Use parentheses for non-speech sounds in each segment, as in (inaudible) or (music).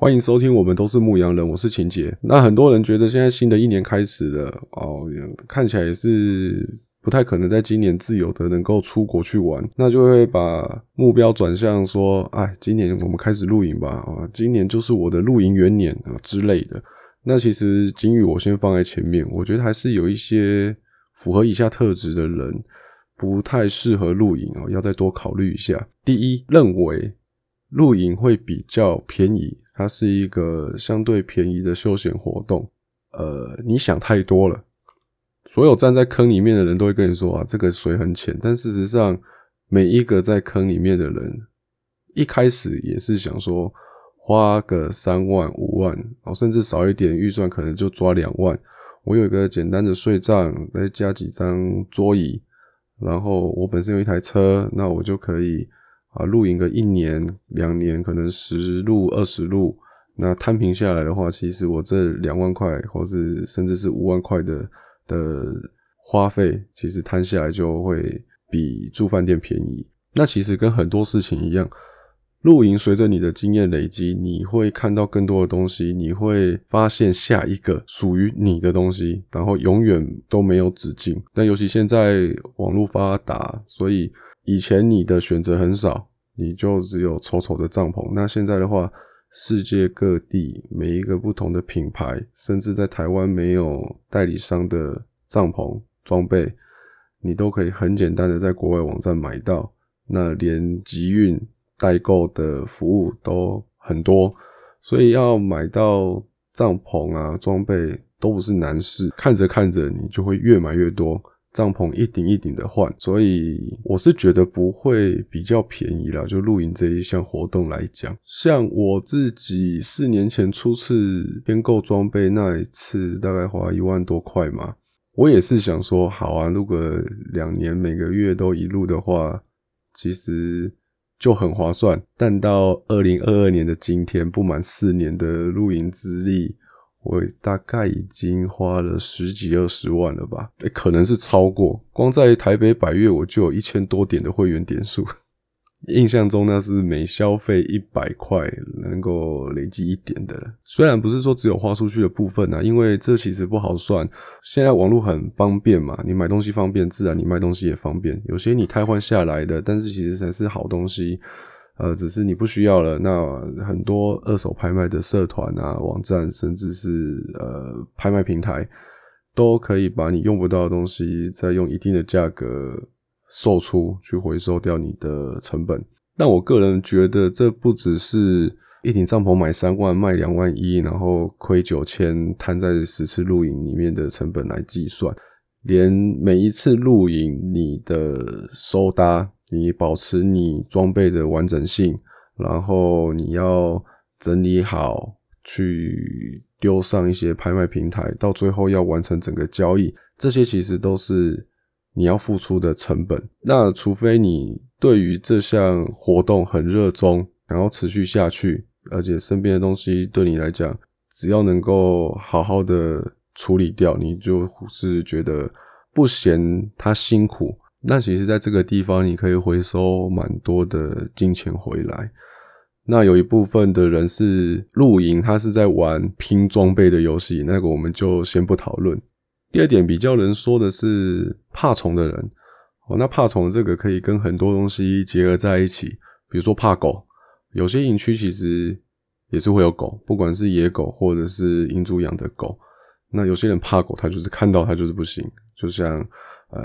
歡迎收聽，我們都是牧羊人，我是晴姐。那很多人覺得現在新的一年開始了哦，看起來也是不太可能在今年自由的能夠出國去玩，那就會把目標轉向說，哎，今年我們開始露營吧，啊、哦，今年就是我的露營元年啊、哦、之類的。那其實警語我先放在前面，我覺得還是有一些符合以下特質的人不太適合露營哦，要再多考慮一下。第一，認為露營會比較便宜。它是一個相對便宜的休閒活動，呃，你想太多了。所有站在坑裡面的人都會跟你說啊，這個水很淺。但事實上，每一個在坑裡面的人，一開始也是想說，花個三萬五萬、哦，甚至少一點預算，可能就抓兩萬。我有一個簡單的睡帳，再加幾張桌椅，然後我本身有一台車，那我就可以。啊，露營個一年兩年，可能十露二十露，那攤平下來的話，其實我這兩萬塊，或是甚至是五萬塊的的花費，其實攤下來就會比住飯店便宜。那其實跟很多事情一樣，露營隨着你的經驗累積，你會看到更多的東西，你會發現下一個屬於你的東西，然後永遠都沒有止境。但尤其現在網絡發達，所以以前你的選擇很少。你就只有醜醜的帳篷。那現在的話，世界各地每一個不同的品牌，甚至在台灣沒有代理商的帳篷裝備，你都可以很簡單的在國外網站買到。那連集運代購的服務都很多，所以要買到帳篷啊裝備都不是難事。看着看着，你就會越買越多。帳篷一頂一頂的換，所以我是覺得不會比較便宜啦。就露營這一項活動來講，像我自己四年前初次編購裝備那一次，大概花一萬多塊嘛。我也是想說，好啊，如果兩年每個月都一路的話，其實就很划算。但到二零二二年的今天，不滿四年的露營資歷。我大概已經花了十幾二十萬了吧，欸，可能是超過。光在台北百岳我就有一千多點的會員點數， (laughs) 印象中那是每消費一百塊能夠累積一點的。雖然不是說只有花出去的部分啊，因為這其實不好算。現在網絡很方便嘛，你買東西方便，自然你賣東西也方便。有些你汰換下來的，但是其實才是好東西。呃，只是你不需要了。那很多二手拍賣的社團啊、網站，甚至是呃拍賣平台，都可以把你用不到的東西，再用一定的價格售出去，回收掉你的成本。但我個人覺得，這不只是一頂帳篷買三萬賣兩萬一，然後虧九千攤在十次露營裡面的成本來計算，連每一次露營你的收搭。你保持你裝備的完整性，然後你要整理好，去丟上一些拍賣平台，到最後要完成整個交易，這些其實都是你要付出的成本。那除非你對於這項活動很熱衷，然後持續下去，而且身邊的東西對你來講，只要能夠好好的處理掉，你就是覺得不嫌它辛苦。那其實，在這個地方，你可以回收蠻多的金錢回來。那有一部分的人是露營，他是在玩拼裝備的遊戲，那個我們就先不討論。第二點比較能說的是怕蟲的人。哦，那怕蟲這個可以跟很多東西結合在一起，比如說怕狗。有些營區其實也是會有狗，不管是野狗或者是營主養的狗。那有些人怕狗，他就是看到它就是不行，就像呃。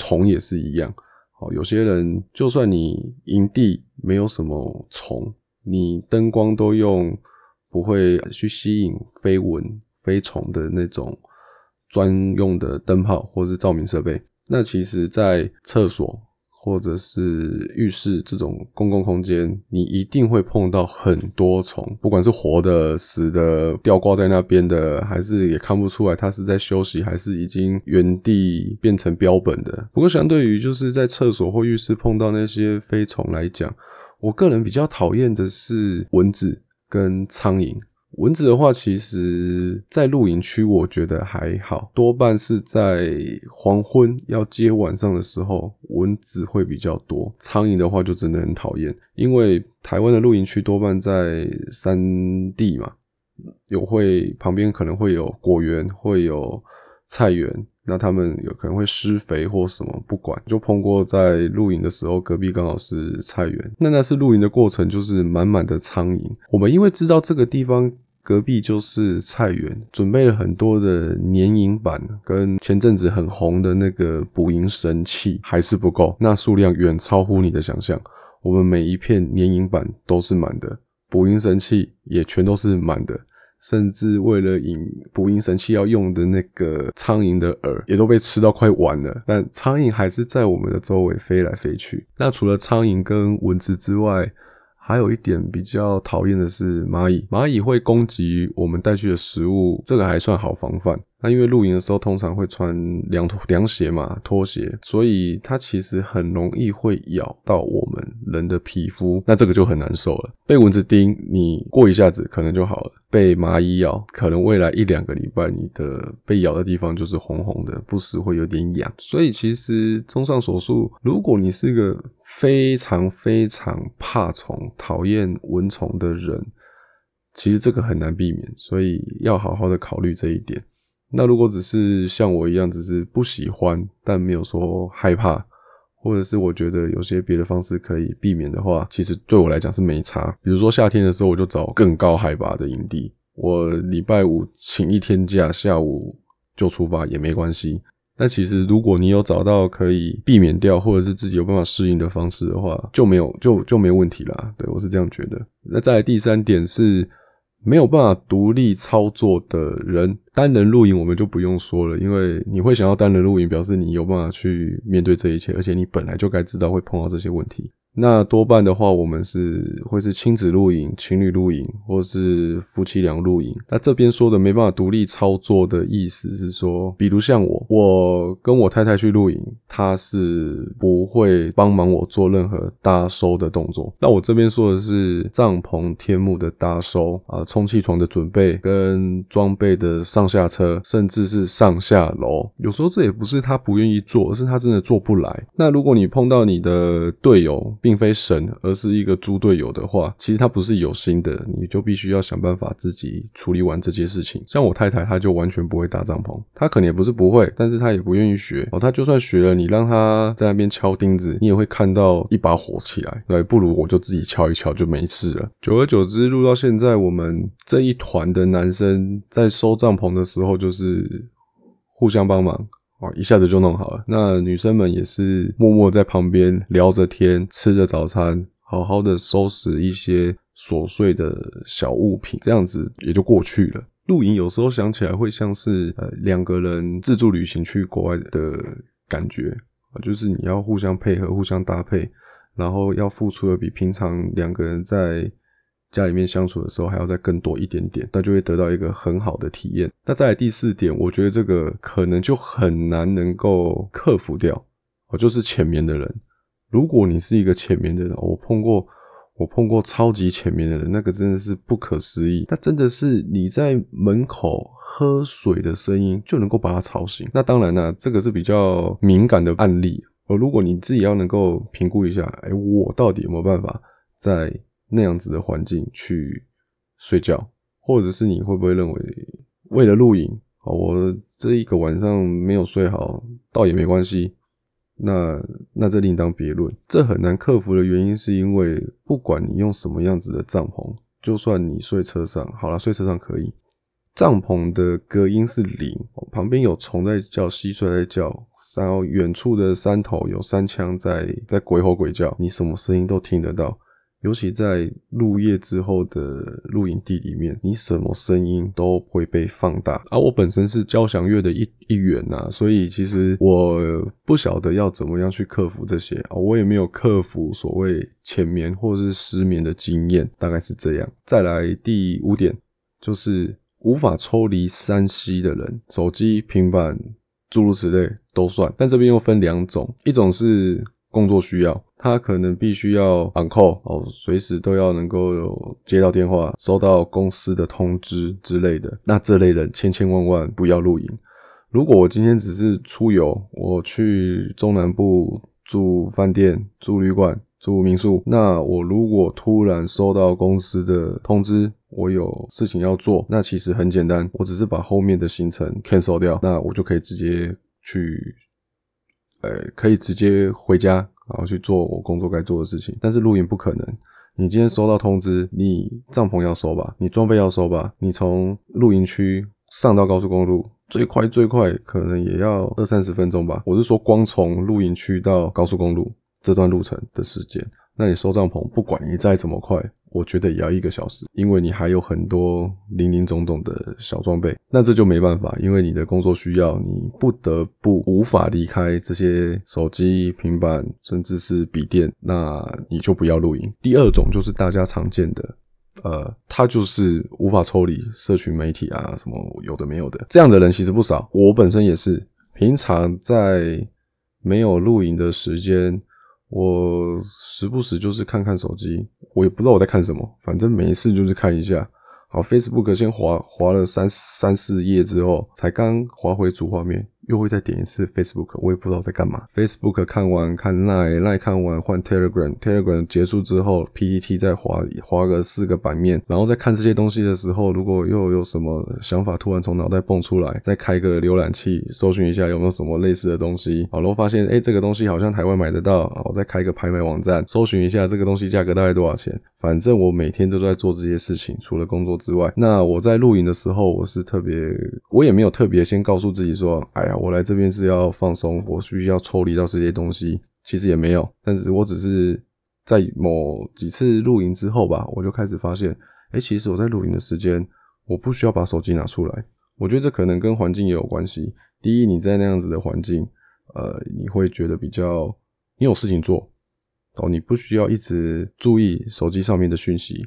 蟲也是一樣，好，有些人就算你營地沒有什麼蟲，你燈光都用不會去吸引飛蚊、飛蟲的那種專用的燈泡或是照明設備，那其實在廁所。或者是浴室這種公共空間，你一定會碰到很多蟲，不管是活的、死的、吊掛在那邊的，還是也看不出來它是在休息還是已經原地變成標本的。不過相對於就是在廁所或浴室碰到那些飛蟲來講，我個人比較討厭的是蚊子跟蒼蠅。蚊子的話，其實，在露營區我覺得還好，多半是在黃昏要接晚上的時候，蚊子會比較多。蒼蠅的話就真的很討厭，因為台灣的露營區多半在山地嘛，有會，旁邊可能會有果園，會有菜園。那他們有可能會施肥或什麼，不管，就碰過在露營的時候，隔壁剛好是菜園。那那次露營的過程，就是滿滿的蒼蠅。我們因為知道這個地方隔壁就是菜園，準備了很多的粘蠅板，跟前陣子很紅的那個捕蠅神器還是不夠，那數量遠超乎你的想象。我們每一片粘蠅板都是滿的，捕蠅神器也全都是滿的。甚至為了引捕蠅神器要用的那個蒼蠅的餌，也都被吃到快完了。但蒼蠅還是在我們的周圍飛來飛去。那除了蒼蠅跟蚊子之外，還有一點比較討厭的是螞蟻。螞蟻會攻擊我們帶去的食物，這個還算好防範。那、啊、因為露營的時候通常會穿涼拖、涼鞋嘛，拖鞋，所以它其實很容易會咬到我們人的皮膚，那這個就很難受了。被蚊子叮，你過一下子可能就好了；被螞蟻咬，可能未來一兩個禮拜你的被咬的地方就是紅紅的，不時會有點癢。所以其實綜上所述，如果你是一個非常非常怕蟲、討厭蚊蟲的人，其實這個很難避免，所以要好好的考慮這一點。那如果只是像我一樣，只是不喜歡，但沒有說害怕，或者是我覺得有些別的方式可以避免的話，其實對我來講是沒差。比如說夏天的時候，我就找更高海拔的營地，我禮拜五請一天假，下午就出發也沒關係。那其實如果你有找到可以避免掉，或者是自己有辦法適應的方式的話，就沒有就就沒問題啦。對，我是這樣覺得。那再來第三點是，沒有辦法獨立操作的人，單人露營我們就不用說了，因為你會想要單人露營，表示你有辦法去面對這一切，而且你本來就該知道會碰到這些問題。那多半的話，我們是會是親子露營、情侶露營，或是夫妻倆露營。那這邊說的沒辦法獨立操作的意思是說，比如像我，我跟我太太去露營，她是不會幫忙我做任何搭收的動作。那我這邊說的是帳篷、天幕的搭收啊，充氣床的準備跟裝備的上下車，甚至是上下樓。有時候這也不是她不願意做，而是她真的做不來。那如果你碰到你的隊友，並非神，而是一個豬隊友的話，其實他不是有心的，你就必須要想辦法自己處理完這些事情。像我太太，她就完全不會搭帳篷，她可能也不是不會，但是她也不願意學。哦，她就算學了，你讓她在那邊敲釘子，你也會看到一把火起來。對，不如我就自己敲一敲就沒事了。久而久之，露到現在，我們這一團的男生在收帳篷的時候，就是互相幫忙。哦，一下子就弄好了。那女生們也是默默在旁邊聊着天，吃着早餐，好好的收拾一些瑣碎的小物品，這樣子也就過去了。露營有時候想起來會像是呃兩個人自助旅行去國外的感覺，就是你要互相配合，互相搭配，然後要付出的比平常兩個人在，家裡面相處的時候，還要再更多一點點，那就會得到一個很好的體驗。那再來第四點，我覺得這個可能就很難能夠克服掉。我、哦、就是淺眠的人。如果你是一個淺眠的人、哦，我碰過，我碰過超級淺眠的人，那個真的是不可思議。那真的是你在門口喝水的聲音就能夠把他吵醒。那當然啦、啊，這個是比較敏感的案例。而、哦、如果你自己要能夠評估一下，哎、欸，我到底有沒有辦法在。那樣子的環境去睡覺，或者是你會不會認為為了錄影，哦，我這一個晚上沒有睡好，倒也沒關係。那那這另當別論。這很難克服的原因是因為，不管你用什麼樣子的帳篷，就算你睡車上，好啦，睡車上可以，帳篷的隔音是零，旁邊有蟲在叫，蟋蟀在叫，然後遠處的山頭有山羌在在鬼吼鬼叫，你什麼聲音都聽得到。尤其在入夜之後的露營地裡面，你什麼聲音都會被放大。而、啊、我本身是交響樂的一一員吶、啊，所以其實我不曉得要怎麼樣去克服這些啊，我也沒有克服所謂淺眠或是失眠的經驗，大概是這樣。再來第五點，就是無法抽離三 C 的人，手機、平板諸如此類都算，但這邊又分兩種，一種是。工作需要，他可能必須要 on call，哦，隨時都要能夠有接到電話、收到公司的通知之類的。那這類人千千萬萬不要露營。如果我今天只是出遊，我去中南部住飯店、住旅館、住民宿，那我如果突然收到公司的通知，我有事情要做，那其實很簡單，我只是把後面的行程 cancel 掉，那我就可以直接去。呃，可以直接回家，然後去做我工作該做的事情。但是露營不可能，你今天收到通知，你帳篷要收吧，你裝備要收吧，你從露營區上到高速公路，最快最快可能也要二三十分鐘吧。我是說光從露營區到高速公路這段路程的時間，那你收帳篷，不管你再怎麼快。我覺得也要一個小時，因為你還有很多零零總總的小裝備，那這就沒辦法，因為你的工作需要，你不得不無法離開這些手機、平板，甚至是筆電，那你就不要露營。第二種就是大家常見的，呃，他就是無法抽離社群媒體啊，什麼有的沒有的，這樣的人其實不少。我本身也是，平常在沒有露營的時間，我時不時就是看看手機。我也不知道我在看什麼，反正每一次就是看一下。好，Facebook 先滑，滑了三、三四頁之後，才剛滑回主畫面，又會再點一次 Facebook，我也不知道我在幹嘛。Facebook 看完看 Line，Line 看完換 Telegram，Telegram Tele 結束之後 PTT 再滑滑個四個版面。然後在看這些東西的時候，如果又有什麼想法突然從腦袋蹦出來，再開個瀏覽器搜尋一下有沒有什麼類似的東西，好，然後發現哎，這個東西好像台灣買得到，我再開個拍賣網站搜尋一下這個東西價格大概多少錢。反正我每天都在做這些事情，除了工作之外。那我在露營的時候，我是特別，我也沒有特別先告訴自己說，哎呀，我來這邊是要放鬆，我必須要抽離到這些東西，其實也沒有。但是我只是在某幾次露營之後吧，我就開始發現，欸，其實我在露營的時間，我不需要把手機拿出來。我覺得這可能跟環境也有關係。第一，你在那樣子的環境，呃，你會覺得比較，你有事情做。哦，你不需要一直注意手機上面的訊息。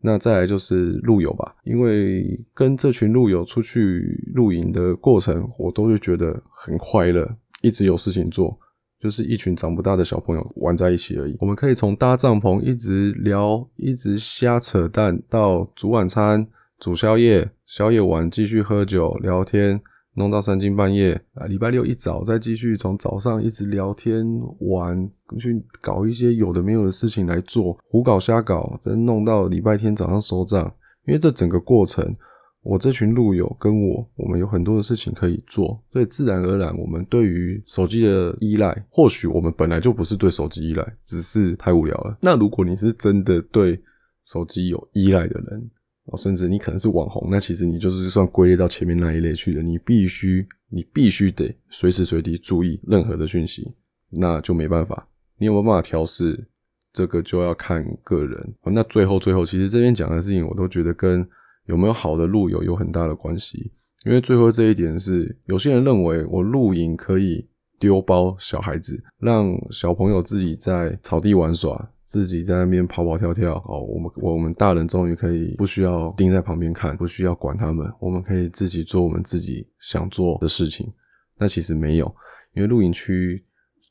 那再來就是露友吧，因為跟這群露友出去露營的過程，我都會覺得很快樂，一直有事情做，就是一群長不大的小朋友玩在一起而已。我們可以從搭帳篷一直聊，一直瞎扯淡，到煮晚餐、煮宵夜、宵夜完繼續喝酒聊天。弄到三更半夜啊！禮拜六一早再繼續從早上一直聊天玩，去搞一些有的沒有的事情來做，胡搞瞎搞，再弄到禮拜天早上收帳。因為這整個過程，我這群露友跟我，我們有很多的事情可以做，所以自然而然，我們對於手機的依賴，或許我們本來就不是對手機依賴，只是太無聊了。那如果你是真的對手機有依賴的人，哦，甚至你可能是網紅，那其實你就是算歸類到前面那一類去的。你必須，你必須得隨時隨地注意任何的訊息，那就沒辦法。你有沒有辦法調適？這個就要看個人。那最後最後，其實這邊講的事情，我都覺得跟有沒有好的露友有很大的關係。因為最後這一點是有些人認為我露營可以丟包小孩子，讓小朋友自己在草地玩耍。自己在那邊跑跑跳跳，哦，我們我們大人終於可以不需要盯在旁邊看，不需要管他們，我們可以自己做我們自己想做的事情。那其實沒有，因為露營區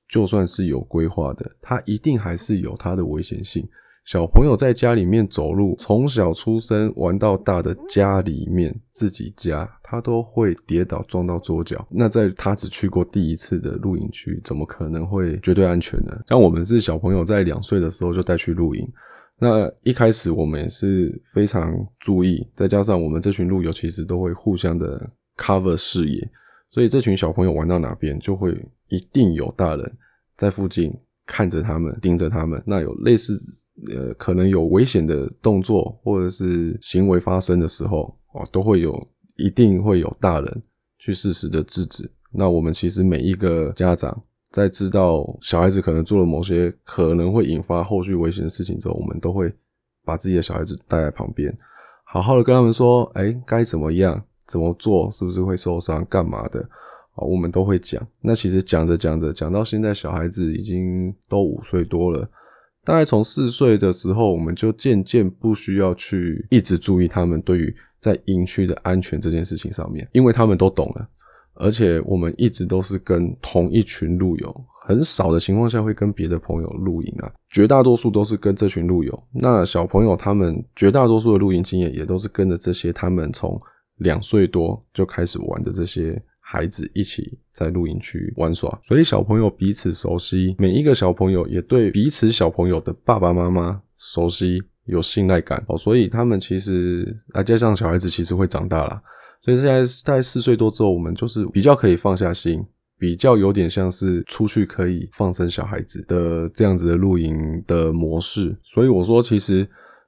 就算是有規劃的，它一定還是有它的危險性。小朋友在家裡面走路，從小出生玩到大的家裡面，自己家他都會跌倒撞到桌角。那在他只去過第一次的露營區，怎麼可能會絕對安全呢？像我們是小朋友在兩歲的時候就帶去露營，那一開始我們也是非常注意，再加上我們這群露友其實都會互相的 cover 視野，所以這群小朋友玩到哪邊，就會一定有大人在附近看着他們，盯着他們。那有類似。呃，可能有危險的動作或者是行為發生的時候，啊，都會有，一定會有大人去適時的制止。那我們其實每一個家長在知道小孩子可能做了某些可能會引發後續危險的事情之後，我們都會把自己的小孩子帶在旁邊，好好的跟他們說，欸，該怎麼樣，怎麼做，是不是會受傷，幹嘛的，啊，我們都會講。那其實講着講着，講到現在，小孩子已經都五歲多了。大概從四歲的時候，我們就漸漸不需要去一直注意他們對於在營區的安全這件事情上面，因為他們都懂了。而且我們一直都是跟同一群露友，很少的情況下會跟別的朋友露營啊，絕大多數都是跟這群露友。那小朋友他們絕大多數的露營經驗，也都是跟着這些，他們從兩歲多就開始玩的這些孩子一起在露營區玩耍，所以小朋友彼此熟悉，每一個小朋友也對彼此小朋友的爸爸媽媽熟悉，有信賴感哦、喔。所以他們其實啊，加上小孩子其實會長大啦，所以現在在四歲多之後，我們就是比較可以放下心，比較有點像是出去可以放生小孩子的這樣子的露營的模式。所以我說，其實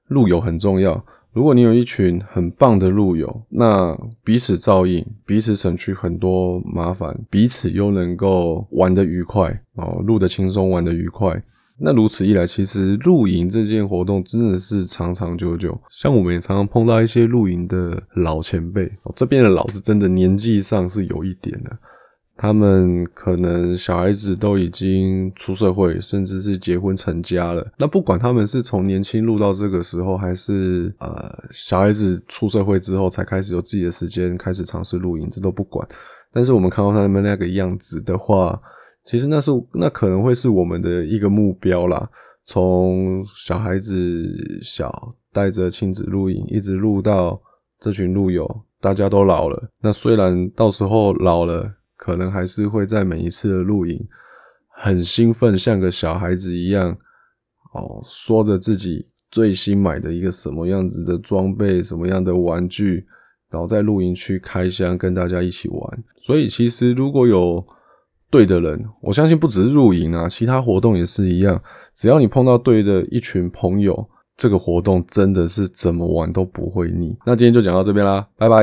露友很重要。如果你有一群很棒的露友，那彼此照應，彼此省去很多麻煩，彼此又能夠玩得愉快哦，露得輕鬆，玩得愉快。那如此一來，其實露營這件活動真的是長長久久。像我們也常常碰到一些露營的老前輩哦，這邊的老子真的年紀上是有一點的啊。他們可能小孩子都已經出社會，甚至是結婚成家了。那不管他們是從年輕露到這個時候，還是呃小孩子出社會之後才開始有自己的時間，開始嘗試露營，這都不管。但是我們看到他們那個樣子的話，其實那是那可能會是我們的一個目標啦，從小孩子小帶着親子露營，一直露到這群露友大家都老了。那雖然到時候老了，可能還是會在每一次的露營很興奮，像個小孩子一樣哦，說着自己最新買的一個什麼樣子的裝備，什麼樣的玩具，然後在露營區開箱，跟大家一起玩。所以其實如果有對的人，我相信不只是露營啊，其他活動也是一樣，只要你碰到對的一群朋友，這個活動真的是怎麼玩都不會膩。那今天就講到這邊啦，拜拜。